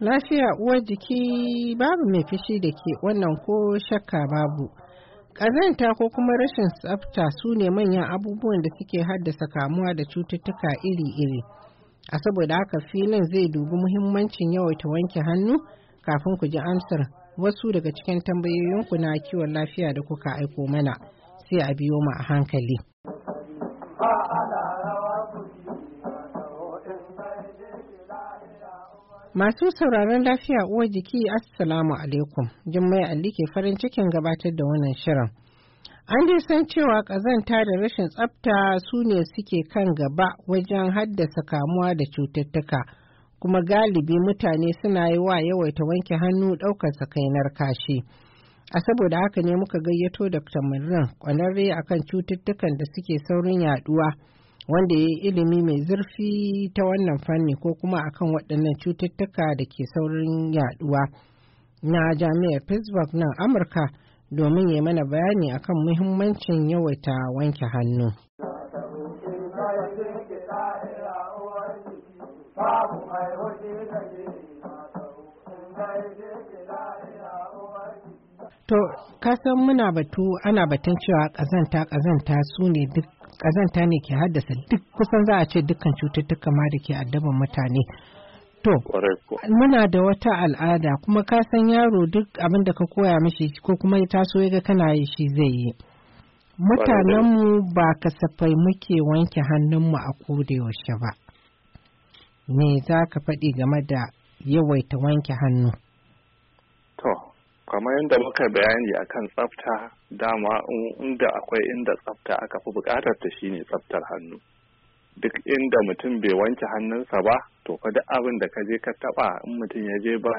Lafiya uwar jiki babu mai fishi da ke wannan ko shakka babu. Ƙazanta ko kuma rashin tsafta su ne manyan abubuwan da suke haddasa kamuwa da cututtuka iri-iri. A saboda haka filin zai dubi muhimmancin yawaita wanke hannu kafin ku ji amsar wasu daga cikin tambayoyinku na kiwon lafiya da kuka aiko mana sai a biyo mu a hankali. Masu sauraron lafiya uwar jiki Assalamu alaikum. Jummai alli ke farin cikin gabatar da wannan shirin. An dai san cewa ƙazanta da rashin tsafta su ne suke kan gaba wajen haddasa kamuwa da cututtuka. Kuma galibi mutane suna yi wa yawaita wanke hannu ɗaukar sakainar kashi. A saboda haka ne muka gayyato da Murnan ƙwanarre akan cututtukan da suke saurin yaduwa wanda ya yi ilimi mai zurfi ta wannan fanni ko kuma akan waɗannan cututtuka da ke saurin yaduwa na jami'ar pittsburgh na amurka domin ya mana bayani akan muhimmancin yawaita wanke hannu To, kasan muna batu ana batun cewa ƙazanta ƙazanta su ne duk ƙazanta ne ke haddasa duk kusan za a ce dukkan cututtuka ma da ke addaban mutane. To, muna da wata al'ada kuma kasan yaro duk abin da ka koya mashi ko kuma ya taso ya ga kana yi shi zai yi. Mutanenmu ba kasafai muke wanke hannunmu a yaushe ba. Me za ka faɗi game da yawaita wanke hannu? kamar yadda muka bayani akan tsafta dama inda akwai inda tsafta aka fi buƙatar ta shine tsaftar hannu duk inda mutum bai wanke hannunsa ba to fa duk abin da ka je ka taba in mutum ya je ba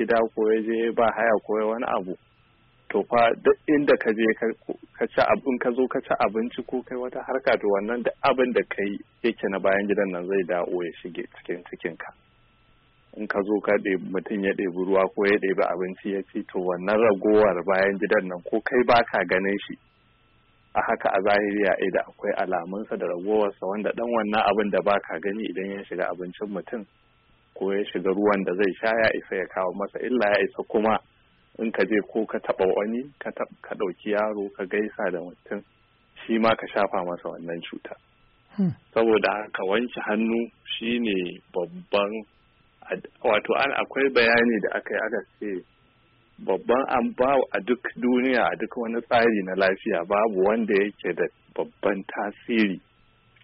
gida ko ya je ba haya ko wani abu to fa duk inda ka je ka ci abin ka zo ka ci abinci ko kai wata harka to wannan duk abin da kai yake na bayan gidan nan zai dawo ya shige cikin cikinka in ka zo ka mutum ya ɗebi ruwa ko ya ɗebi abinci ya ce to wannan ragowar bayan gidan nan ko kai ba ka ganin shi a haka a zahiri a da akwai alamunsa da ragowarsa wanda ɗan wannan abin da ba ka gani idan ya shiga abincin mutum ko ya shiga ruwan da zai sha ya isa ya kawo masa illa ya isa kuma in ka je ko ka taɓa wani ka ɗauki yaro ka gaisa da mutum shi ma ka shafa masa wannan cuta hmm. saboda haka wanke hannu shine babban wato an akwai bayani da aka yi aka ce babban an ba a duk duniya a duk wani tsari na lafiya babu wanda yake da babban tasiri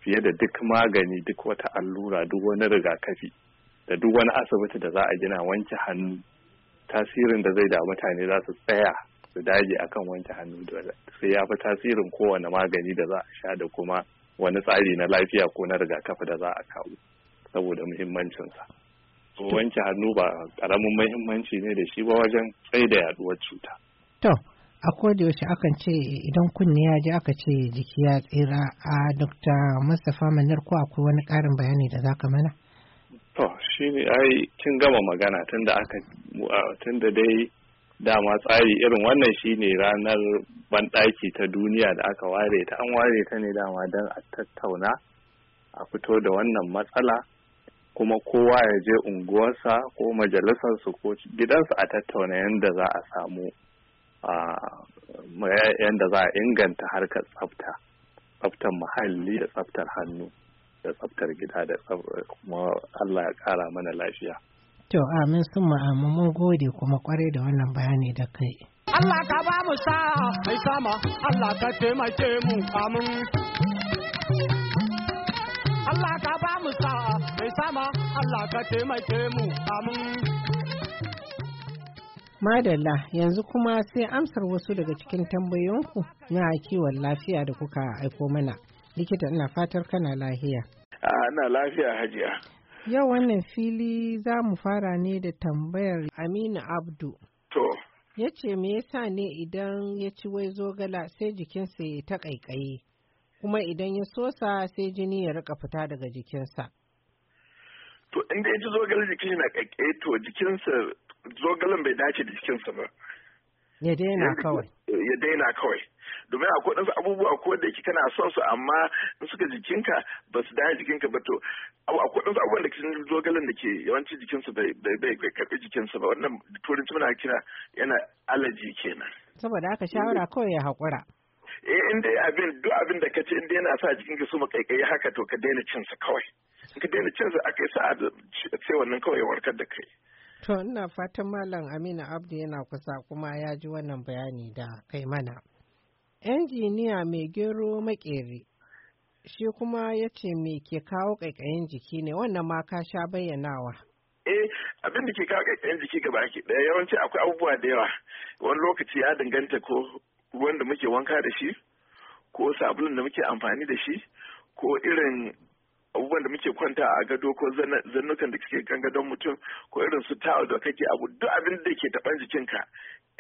fiye da duk magani duk wata allura duk wani rigakafi da duk wani asibiti da za a gina wanke hannu tasirin da zai da mutane za su tsaya su dage akan wanke hannu sai ya fi tasirin kowane magani da za a sha da kuma wani tsari na lafiya ko na rigakafi da za a kawo saboda muhimmancinsa. wanke hannu ba karamin mahimmanci ne da shi ba wajen tsaye da yaduwar cuta. To, a da yaushe akan ce idan kunne ya ji aka ce jiki ya tsira a Dr. Mustapha Manar ko akwai wani ƙarin bayani da zaka mana? To, shi ne ai kin gama magana tunda aka tunda dai dama tsari irin wannan shi ne ranar banɗaki ta duniya da aka ware ta an ware ta ne dama don a tattauna a fito da wannan matsala kuma kowa ya je unguwarsa ko majalisarsu ko gidansa a tattauna yadda za a samu yadda za a inganta harkar tsafta tsaftar muhalli da tsaftar hannu da tsaftar gida da kuma Allah ya kara mana lafiya. To amin sun ma'amu mun gode kuma kwarai da wannan bayani da kai. Allah ka ba mu sa mai sama Allah ka taimake mu amin. Allah ka ba mu sa'a mai sama Allah ka taimake mu amin. Madalla yanzu kuma sai amsar wasu daga cikin tambayoyinku na kiwon lafiya da kuka aiko mana. Likita ina fatar kana lahiya. Ana lafiya hajiya. Yau wannan fili za mu fara ne da tambayar Aminu Abdu. To. Ya ce me yasa ne idan ya ci wai zogala sai jikinsa ya ta ƙaiƙayi. kuma idan ya sosa sai jini ya rika fita daga jikinsa. To inda ya ji zogale jikin na kakke to jikinsa zogalen bai dace da jikinsa ba. Ya daina kawai. Ya daina kawai. Domin akwai ɗansu abubuwa ko da yake kana son su amma in suka jikinka ba su dace jikinka ba to akwai ɗansu abubuwan da cikin zogalen da ke yawanci jikinsu bai karɓi jikinsu ba wannan turanci muna kira yana alaji kenan. Saboda haka shawara kawai ya haƙura. eh in dai abin duk abin da kace in dai yana sa jikin ka suma kaikayi haka to ka daina cin sa kawai in ka daina cin sa akai sa'a sai wannan kawai ya warkar da kai to ina fatan malam Aminu Abdu yana kusa kuma ya ji wannan bayani da kai mana injiniya mai gero makere shi kuma ya ce me ke kawo kaikayin jiki ne wannan ma ka sha bayyanawa eh abin da ke kawo kaikayin jiki gaba ke daya yawanci akwai abubuwa da yawa wani lokaci ya danganta ko ruwan da muke wanka da shi ko sabulun da muke amfani da shi ko irin abubuwan da muke kwanta a gado ko zannukan da suke kan gadon mutum ko irin su tawul da kake abu duk abin da ke taban jikinka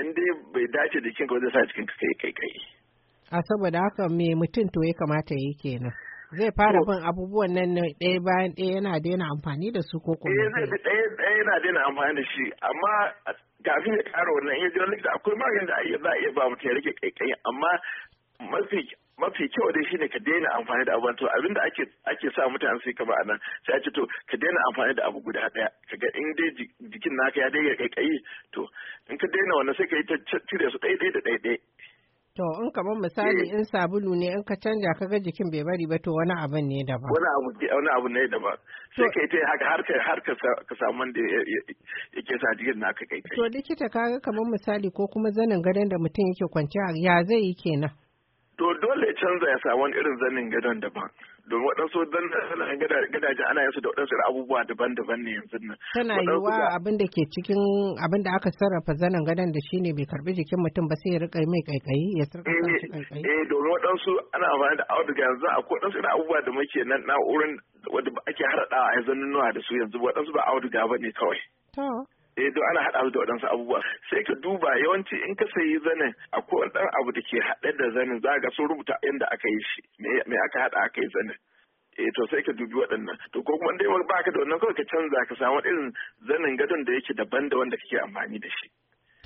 in dai bai dace jikinka wajen sa jikinka kai kai kai a saboda haka me mutum to ya kamata yi kenan zai fara bin abubuwan nan ɗaya bayan ɗaya yana daina amfani da su ko kuma eh, ɗaya yana daina amfani da shi amma kafin ya ƙara wannan in wani likita akwai maganin da za a iya ba mutum ya rage kaikayi amma mafi mafi kyau dai shine ka daina amfani da abubuwan to abinda ake ake sa mutane su kama anan sai a ce to ka daina amfani da abu guda daya kaga in dai jikin naka ya daina kaikayi to in ka daina wannan sai ka yi ta cire su daidai da daidai. To in kamar misali eh. in sabulu ne in ka canja ka ga jikin bai bari ba to wani abu ne daban. Wani abu wani abu ne daban. Sai kai ta haka har ka har ka samu wanda yake sa jikin naka kai. To likita kaga kamar misali ko kuma zanin gadon da mutum yake kwanciya ya zai yi kenan. To dole canza ya samu wani irin zanin gadon daban. domin waɗansu dan gadaje ana yansu da waɗansu abubuwa daban-daban ne yanzu nan. Tana yiwa abin da ke cikin abin da aka sarrafa zanen gadon da shine bai karbi jikin mutum ba sai ya rika mai kaikayi ya sarrafa shi kaikayi. Eh, eh domin waɗansu ana amfani da auduga yanzu a waɗansu irin abubuwa da muke nan na'urar wadda ake harɗawa a yanzu nunuwa da su yanzu waɗansu ba auduga ba ne kawai. eh don ana haɗa da waɗansu abubuwa sai ka duba yawanci in ka sayi zanen akwai wani ɗan abu da ke haɗe da zanen za ga sun rubuta yadda aka yi shi me aka haɗa aka yi zanen eh to sai ka dubi waɗannan to ko kuma dai baka da wannan kawai ka canza ka samu irin zanen gadon da yake daban da wanda kake amfani da shi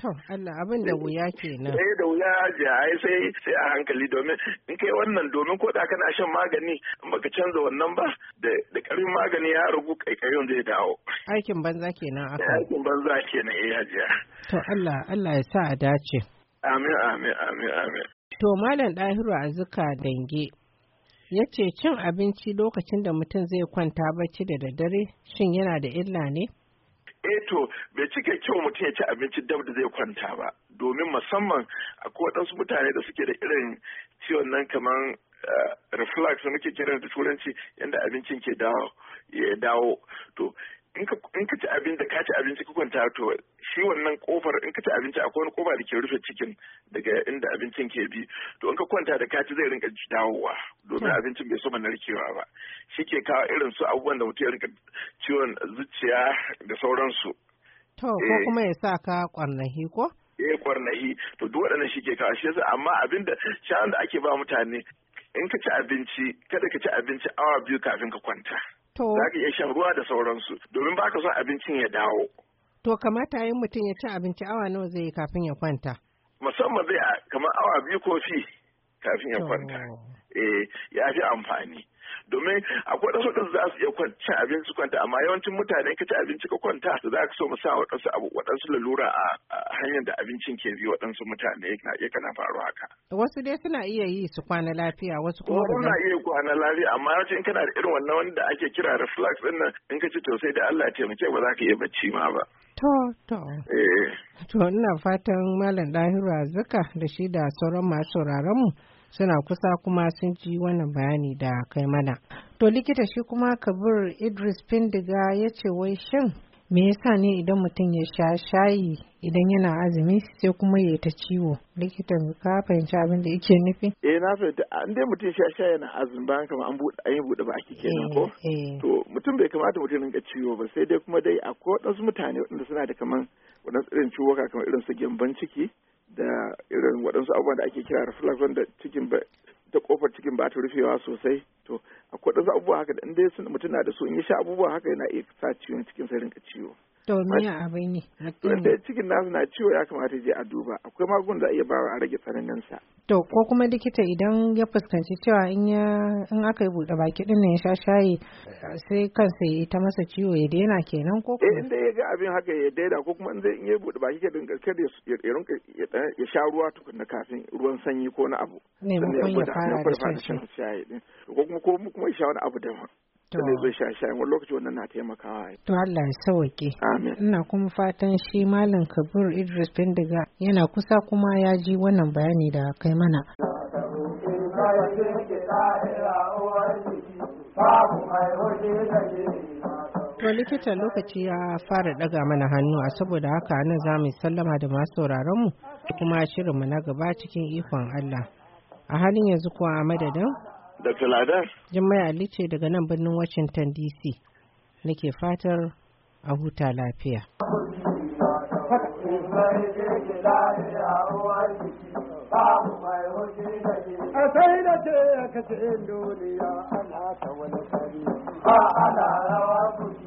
To Allah abin da wuya nan. Sai eh, da wuya ji ai sai sai a hankali domin in kai wannan domin ko da kana shan magani baka canza wannan ba da karin magani ya rugu kaikayon zai dawo. Aikin banza kenan aka. Aikin banza kenan eh hajiya. To Allah Allah ya sa a dace. Amin amin amin amin. To Malam Dahiru Azuka Dange ya ce cin abinci lokacin da mutum zai kwanta bacci da daddare shin yana da illa ne? Eto eh bai cike kyau mutum ya ci abinci dab da zai kwanta ba domin musamman akwai waɗansu mutane da suke da irin ciwon nan kamar eh, reflux da muke kiran da turanci yadda abincin ke dawo ya dawo to in ka ci abinci ka ci abinci ka kwanta to shi wannan kofar in ka ci abinci akwai wani kofa da ke rufe cikin daga inda abincin ke bi to in ka kwanta da ka ci zai rinka dawowa domin hmm. abincin bai so narkewa ba shi ke kawo irin su abubuwan da mutum ya rinka ciwon zuciya da sauransu. To ko eh. kuma ya sa ka kwarnahi ko? Eh kwarnahi to duk waɗannan shi ke kawo shi yasa amma abin da sha'an da ake ba mutane in ka ci abinci kada ka ci abinci awa biyu kafin ka kwanta. Za ka iya shan ruwa da sauransu domin ba ka son abincin ya dawo. To kamata yin mutum ya ci abinci awa nawa zai yi kafin ya kwanta. Musamman zai kamar awa biyu ko fi kafin ya kwanta. Eh, ya fi amfani domin akwai da waɗansu za su iya cin abinci kwanta amma yawancin mutane ka ci abinci ka kwanta za ka so mu sa waɗansu abu waɗansu lalura a hanyar da abincin ke bi waɗansu mutane ya kana faru haka. Wasu dai suna iya yi su kwana lafiya wasu kuma. Wasu na iya kwana lafiya amma yawanci in kana da irin wannan wanda ake kira reflux ɗin nan in ka ci to sai da Allah ya taimake ba za ka iya bacci ma ba. To to. Eh. To ina fatan Malam Dahiru Azuka da shi da sauran masu sauraron mu. suna kusa kuma sun ji wannan bayani da kai mana to likita shi kuma kabir idris findiga ya ce wai shin me yasa ne idan mutum ya sha shayi idan yana azumi sai kuma ya ta ciwo likitan ka fahimci abin da yake nufi eh na fahimta an dai mutum sha shayi yana azumi bayan kama an buɗe an yi buɗe baki kenan ko eh, eh. to mutum bai kamata mutum rinka ciwo ba sai dai kuma dai akwai wasu mutane waɗanda suna da kaman waɗansu irin ciwo kamar irin su gyamban ciki da irin waɗansu abubuwan da ake kira reflux wanda cikin ba ta kofar cikin ba ta rufewa sosai to akwai ɗansu abubuwa haka da in mutum na da su in ya sha abubuwa haka yana iya sa ciwon cikin sarin rinka ciwo To Domin abin ne. Wanda cikin nasu na ciwo ya kamata je a duba akwai magun da iya bawa a rage tsananin sa. To ko kuma likita idan ya fuskanci cewa in ya in aka yi buɗe baki din ya sha shayi sai kansa ya ta masa ciwo ya daina kenan ko eh, kuma. Eh inda ya ga abin haka ya daida ko kuma in zai in ya buɗe baki ka dinga kada ya sha ruwa tukunna kafin ruwan sanyi ko na abu. Ne mun ya fara da shan shayi Ko kuma ko kuma ya sha wani abu daban. ta ne zo wani lokaci wannan na taimakawa. To Allah ya sauke. Amin. Ina kuma fatan shi Malam Kabir Idris bindiga. yana kusa kuma ya ji wannan bayani da kai mana. To likita lokaci ya fara daga mana hannu a saboda haka nan za mu sallama da masu sauraronmu kuma shirinmu na gaba cikin ikon Allah. A halin yanzu kuwa a madadin Dr. Ladar. Jummai Ali ce daga nan birnin Washington DC. Nake fatar a huta lafiya. A ana rawa